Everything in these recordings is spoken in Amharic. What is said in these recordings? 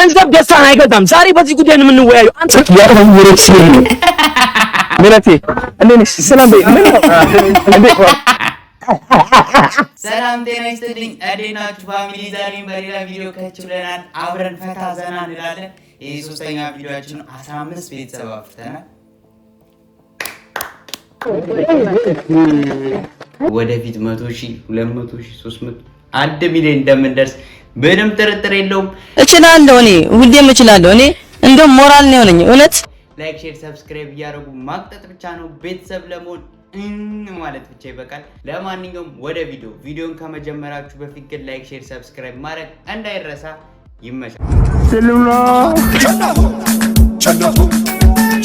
ገንዘብ ደስታን አይገዛም። ዛሬ በዚህ ጉዳይ ነው የምንወያየው። አንተ ሰላም ጤና ይስጥልኝ። እንዴት ናችሁ ፋሚሊ? ዛሬም በሌላ ቪዲዮ ከች ብለናል። አብረን ፈታ ዘና እንላለን። ይህ ሶስተኛ ቪዲዮችን ነው። አስራ አምስት ቤተሰብ አፍርተናል። ወደፊት መቶ ሺህ ሁለት መቶ ሺህ ሶስት መቶ አንድ ሚሊዮን እንደምንደርስ ምንም ጥርጥር የለውም። እችላለሁ፣ እኔ ሁሌም እችላለሁ። እኔ እንደውም ሞራል ነው የሆነኝ። እውነት ላይክ፣ ሼር፣ ሰብስክራይብ እያደረጉ ማቅጠጥ ብቻ ነው ቤተሰብ ለመሆን ማለት ብቻ ይበቃል። ለማንኛውም ወደ ቪዲዮ ቪዲዮን ከመጀመራችሁ በፊት ግን ላይክ፣ ሼር፣ ሰብስክራይብ ማድረግ እንዳይረሳ። ይመሻል።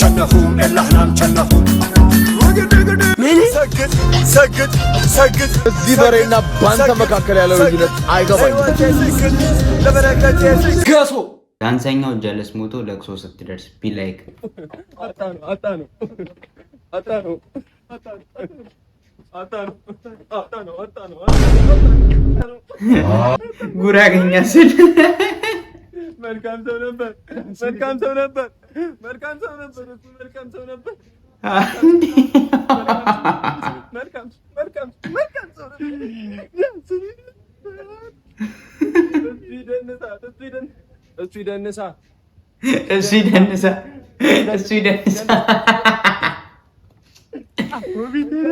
ቸነሁም ኤላህናም ቸነሁም እዚህ በሬና ባንተ መካከል ያለው ልዩነት አይገባኝም። ገሶ ዳንሰኛው ጀለስ ሞቶ ለቅሶ ስትደርስ ቢላይክ ጉራገኛ ስል መልካም ሰው ነበር፣ መልካም ሰው ነበር። መልካም ሰው ነበር። መልካም ሰው ነበር። እሱ ይደንሳ እሱ ይደንሳ እሱ ይደንሳ ኧረ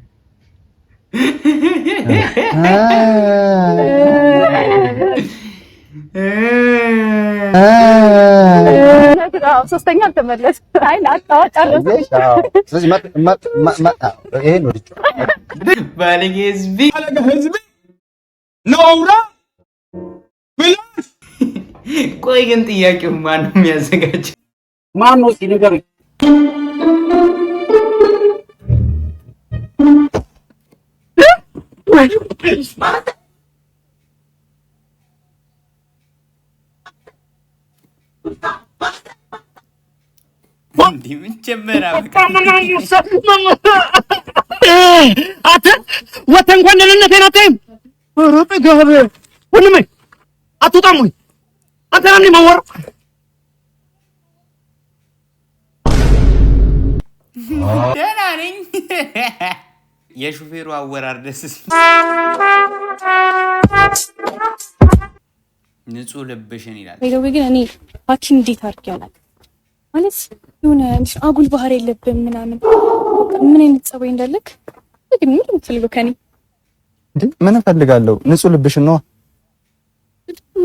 Apa? Saya tidak tahu. Saya tidak tahu. Saya tidak Mas, please, Mas. Hindi mo chemera. Tama na yung sa mga... Ate, watang kwan nila natin natin. Marami gabi. Wala may. Ato tamoy. Ate nga Mawar. Tara rin. Hehehe. የሹፌሩ አወራር ደስ ንጹህ ልብሽን ይላል። ግን እኔ ሐኪም እንዴት አድርጌ አላውቅም። ማለት የሆነ አጉል ባህሪ የለብም ምናምን ምን አይነት ጸባይ እንዳለክ ግን ምን የምትፈልገው ከኔ ምን እፈልጋለሁ? ንጹህ ልብሽ ነዋ።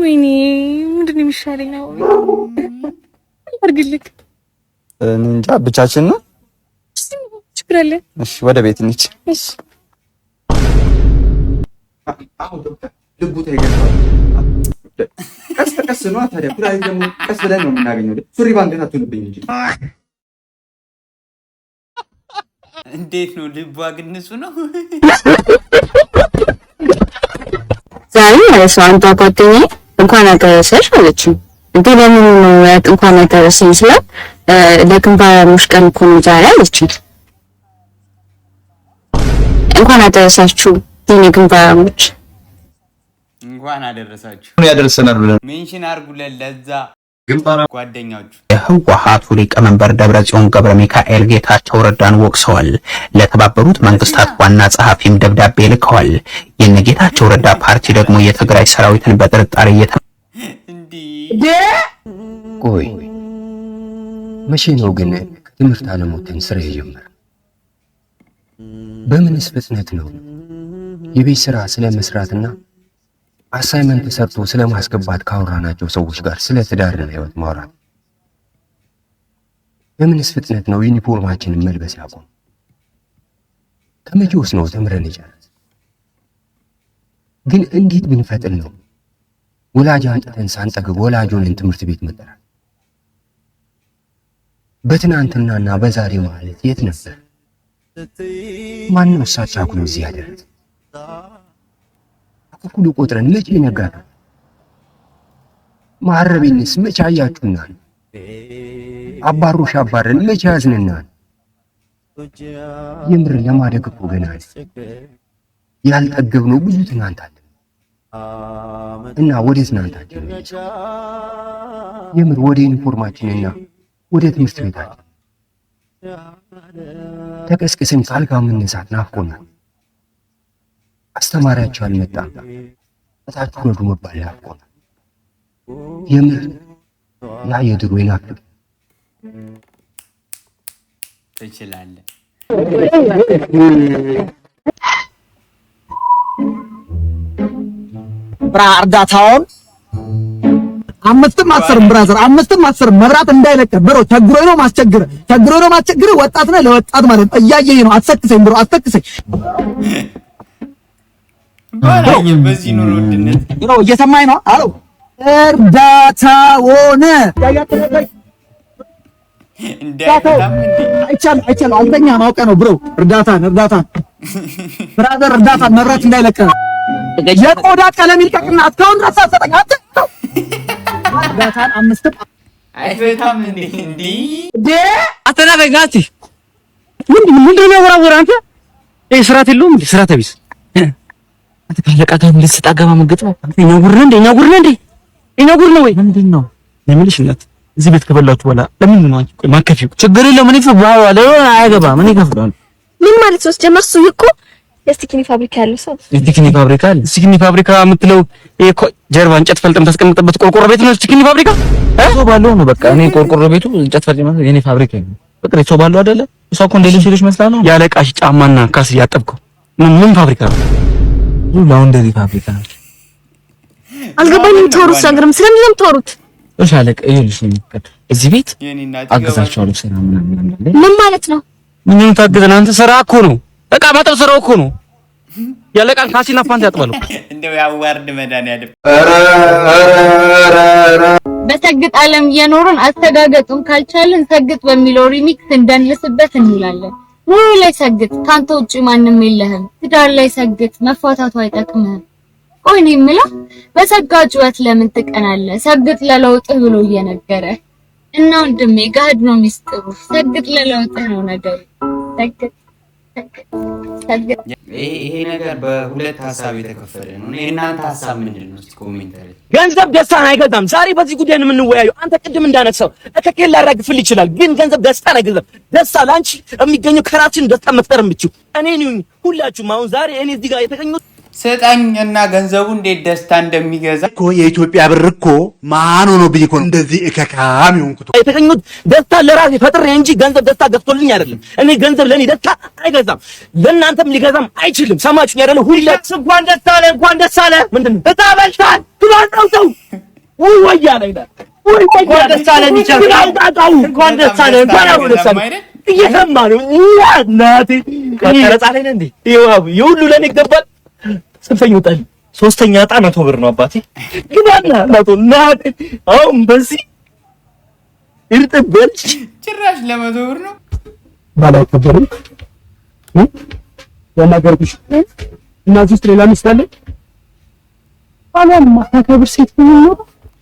ወይኔ ምንድን ነው የሚሻለኝ ነው አድርግልክ እንጃ ብቻችን ነው ችግር አለ። እሺ፣ ወደ ቤት እንሂድ። እሺ። ቀስ በቀስ ነው ታዲያ። ኩላሊት ደግሞ ቀስ ብለን ነው የምናገኘው። ሱሪ ባንገት አትሆንብኝ እንጂ እንዴት ነው ልቧ ግን ንጹህ ነው። ዛሬ ማለት ነው አንዷ ጓደኛዬ እንኳን አደረሰሽ አለችኝ። እንዴ ለምን ነው እንኳን አደረሰኝ ስላት ለግንባር ሙሽቀን እኮ ነው ዛሬ አለችኝ። እንኳን አደረሳችሁ የኔ ግንባራሞች፣ እንኳን አደረሳችሁ። ያደርሰናል ብለን ሜንሽን አድርጉለን ለዛ ግንባራ ጓደኛዎቹ የህወሓቱ ሊቀመንበር ደብረጽዮን ገብረ ሚካኤል ጌታቸው ረዳን ወቅሰዋል። ለተባበሩት መንግስታት ዋና ጸሐፊም ደብዳቤ ልከዋል። የነ ጌታቸው ረዳ ፓርቲ ደግሞ የትግራይ ሰራዊትን በጥርጣሬ እየተ ቆይ መቼ ነው ግን ትምህርት አለሞትን ስራ የጀመረ? በምንስ ፍጥነት ነው? የቤት ስራ ስለ መስራትና አሳይመንት ሰርቶ ስለ ማስገባት ካወራናቸው ሰዎች ጋር ስለ ትዳርና ህይወት ማውራት በምንስ ፍጥነት ነው? ዩኒፎርማችንን መልበስ ያቆም ከመቼውስ ነው ተምረን ይቻላል? ግን እንዴት ብንፈጥን ነው ወላጅ አንጥተን ሳንጠግብ ወላጅ ሆነን ትምህርት ቤት መጠራል? በትናንትናና በዛሬ ማለት የት ነበር? ማንም እሳቸው ነው እዚህ ያደረገ ሁሉ ቆጥረን ልጅ ይነጋሉ። ማረቤንስ መቼ አያችሁናል? አባሮሽ አባረን መቼ ያዝንናል? የምር ለማደግ እኮ ገና ነው ብዙ ትናንት አለ እና ወደ ትናንታችን የምር ወደ ዩኒፎርማችንና ወደ ትምህርት ቤታችን ተቀስቅስን ካልጋ ምንሳት ናፍቆናል። አስተማሪያቸው አልመጣም። እታች ወዱ መባል ናፍቆናል። የምር ያ የድሮ ይናፍቅ ብራ እርዳታውን አምስትም አስርም ብራዘር አምስትም አስርም መብራት እንዳይለቀ ብሮ ቸግሮ ነው ማስቸግረ ቸግሮ ነው ማስቸግረ ወጣት ነህ ለወጣት ማለት ነው። ነው። አትሰክሰኝ ብሮ አትሰክሰኝ። ነው አለው ነው ብሮ እርዳታን እርዳታን ብራዘር እርዳታን መብራት እንዳይለቀ የቆዳ ቀለም ይልቀቅና እስካሁን ድረስ አትሰጠኝ እርዳታን አምስትም አይፈታም እንዴ እንዴ ደ ምንድን ምንድን ነው የሚያወራው አንተ? ይሄ ስርዓት የለውም እንዴ ስርዓት ቢስ አንተ ካለቃ ጋር ምን ልትሰጥ አገባ እኛ ጉድ ነው እንዴ እኛ ጉድ ነው እንዴ እኛ ጉድ ነው ወይ ምንድን ነው የምልሽ እናት እዚህ ቤት ከበላችሁ በኋላ ለምን ነው አንቺ ማከፊው ችግር የለውም እኔ ፍባው አለ አይገባም እኔ ከፍላለሁ ምን ማለት ነው ጀመርሱ ይቆ የስቲኪኒ ፋብሪካ ያለው ሰው የስቲኪኒ ፋብሪካ አለ። ስቲኪኒ ፋብሪካ የምትለው እኮ ጀርባ እንጨት ፈልጠም የምታስቀምጥበት ቆርቆሮ ቤት ነው። ስቲኪኒ ፋብሪካ እሱ ባለው ነው። በቃ እኔ ቆርቆሮ ቤቱ እንጨት ፈልጠም ነው የኔ ፋብሪካ ነው። በቃ እሱ ባለው አይደለ? እሷ እኮ እንደ ልብስ ልጅ መስላ ነው ያለ ቃሽ ጫማና ካስ እያጠብከው ምን ምን ፋብሪካ ነው? ላውንደሪ ፋብሪካ ነው። አልገባኝም። የምታወሩት ነገርም ስለምን ነው የምታወሩት? እሺ አለቃ ይኸውልሽ ነው እዚህ ቤት አግዛቸዋለሁ። ምን ማለት ነው? ምን ታግዘን አንተ ስራ እኮ ነው እቃ ማጠብ ስራው እኮ ነው። ያለ እቃን ካሲና ያጥባሉ። እንደው ያዋርድ መድኃኒዓለም በሰግጥ ዓለም የኖርን አስተጋገጡን ካልቻልን ሰግጥ በሚለው ሪሚክስ እንዳንልስበት እንላለን። ላይ ሰግጥ፣ ካንተ ውጪ ማንም የለህም። ትዳር ላይ ሰግጥ፣ መፋታቱ አይጠቅምህም። ቆይ እኔ የምለው በሰጋ ጩኸት ለምን ትቀናለህ? ሰግጥ ለለውጥህ ብሎ እየነገረ እና ወንድሜ ነው ሚስጥሩ። ሰግጥ ለለውጥህ ነው ነገሩ። ሰግጥ ይሄ ነገር በሁለት ሀሳብ የተከፈለ ነው። የእናንተ ሀሳብ ምንድን ነው? ኮሜንት ገንዘብ ደስታን አይገዛም። ዛሬ በዚህ ጉዳይ ነው የምንወያየው። አንተ ቅድም እንዳነሳው እከኬን ላራግፍል ይችላል፣ ግን ገንዘብ ደስታን አይገዛም። ደስታ ለአንቺ የሚገኘው ከራችን ደስታ መፍጠር የምችው እኔ ሁላችሁም አሁን ዛሬ እኔ እዚህ ጋር የተገኙት ስጠኝና ገንዘቡ እንዴት ደስታ እንደሚገዛ እኮ የኢትዮጵያ ብር እኮ ማን ሆኖ ብዬ እኮ እንደዚህ እከካም ይሆንኩት የተገኙት ደስታ ለራሴ ፈጥሬ እንጂ ገንዘብ ደስታ ገዝቶልኝ አይደለም። እኔ ገንዘብ ለእኔ ደስታ አይገዛም፣ ለእናንተም ሊገዛም አይችልም። ሰማችሁ ያደለ ሁለት እንኳን ደስ አለ እንኳን ደስ አለ ምንድን ነው እጣ በልታል ትባጣው ሰው ውይ ወያ ላይ እንኳን ደስ አለ እንኳን ደስ አለ እንኳን ደስ አለ እየሰማ ነው እናቴ ከቀረጻ ለእኔ ይገባል ጽንፈኛ ወጣል። ሶስተኛ ዕጣ መቶ ብር ነው አባቴ። ግባና መቶ ና አሁን በዚህ እርጥብ በልጭ ጭራሽ ለመቶ ብር ነው ባላይ ከበሩ ያናገርኩሽ እናዚህ ውስጥ ሌላ ሚስት አለ ማታከብር ሴት ሆኖ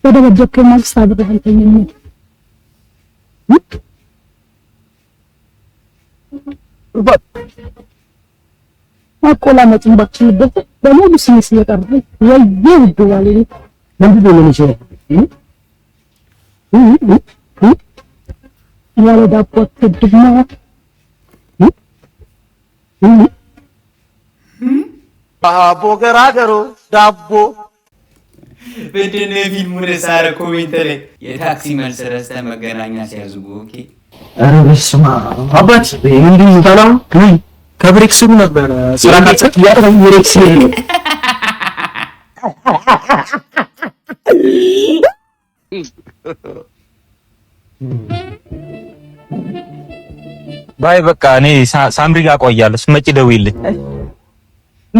ወደ በደብከ ማግስት አብረህ አልተኛም። ባ ማቆላመጥን ባችልበት በሙሉ ስሜ ስለጠራ ወየ ውድ ባለ ለምንድን ነው ይችላል ያለ ዳቦ አትወድማ ባቦ ገራገሮ ዳቦ በደነ ፊልሙ ነሳረ ኮሜንት ላይ የታክሲ መልስ ረስተ መገናኛ ሲያዝጉ ኦኬ ኧረ በስመ አብ አባት እንዴ ታላም ከብሬክ ስሩ ስራ ነው። ባይ በቃ እኔ ሳምሪ ጋር ቆያለሁ። ስትመጪ ደውዪልኝ።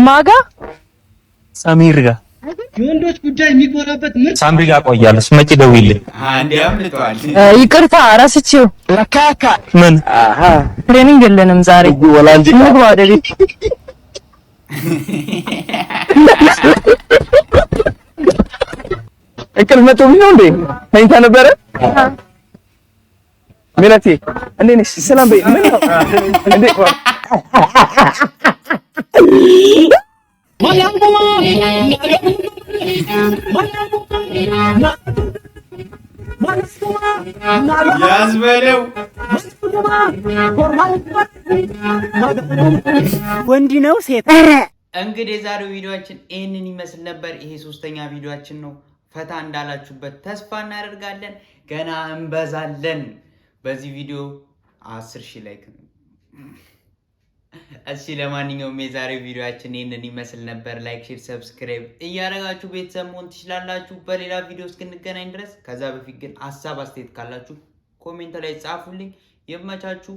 ማጋ ሳሚር ጋር የወንዶች ጉዳይ የሚጎላበት ምን ሳምሪ ጋር ቆያለሁ። ስትመጪ ደውይልኝ። ይቅርታ እረስቼው ምን አሃ ትሬኒንግ የለንም ዛሬ ወላንጂ ምን ቤት እንቅልፍ መጥቶብኝ ነው እንዴ? መኝታ ነበረ። ሜላቴ እንዴት ነሽ? ሰላም በይ። ምን ነው እንዴ? ወላሂ ያዝ በለው ወንድ ነው ሴት። እንግዲህ የዛሬው ቪዲዮችን ይህንን ይመስል ነበር። ይሄ ሶስተኛ ቪዲዮችን ነው። ፈታ እንዳላችሁበት ተስፋ እናደርጋለን። ገና እንበዛለን። በዚህ ቪዲዮ አስር ሺህ ላይክ እሺ ለማንኛውም የዛሬ ቪዲዮችን ይህንን ይመስል ነበር። ላይክ፣ ሼር፣ ሰብስክራይብ እያደረጋችሁ ቤተሰብ መሆን ትችላላችሁ። በሌላ ቪዲዮ እስክንገናኝ ድረስ ከዛ በፊት ግን ሀሳብ አስተያየት ካላችሁ ኮሜንት ላይ ጻፉልኝ። ይመቻችሁ።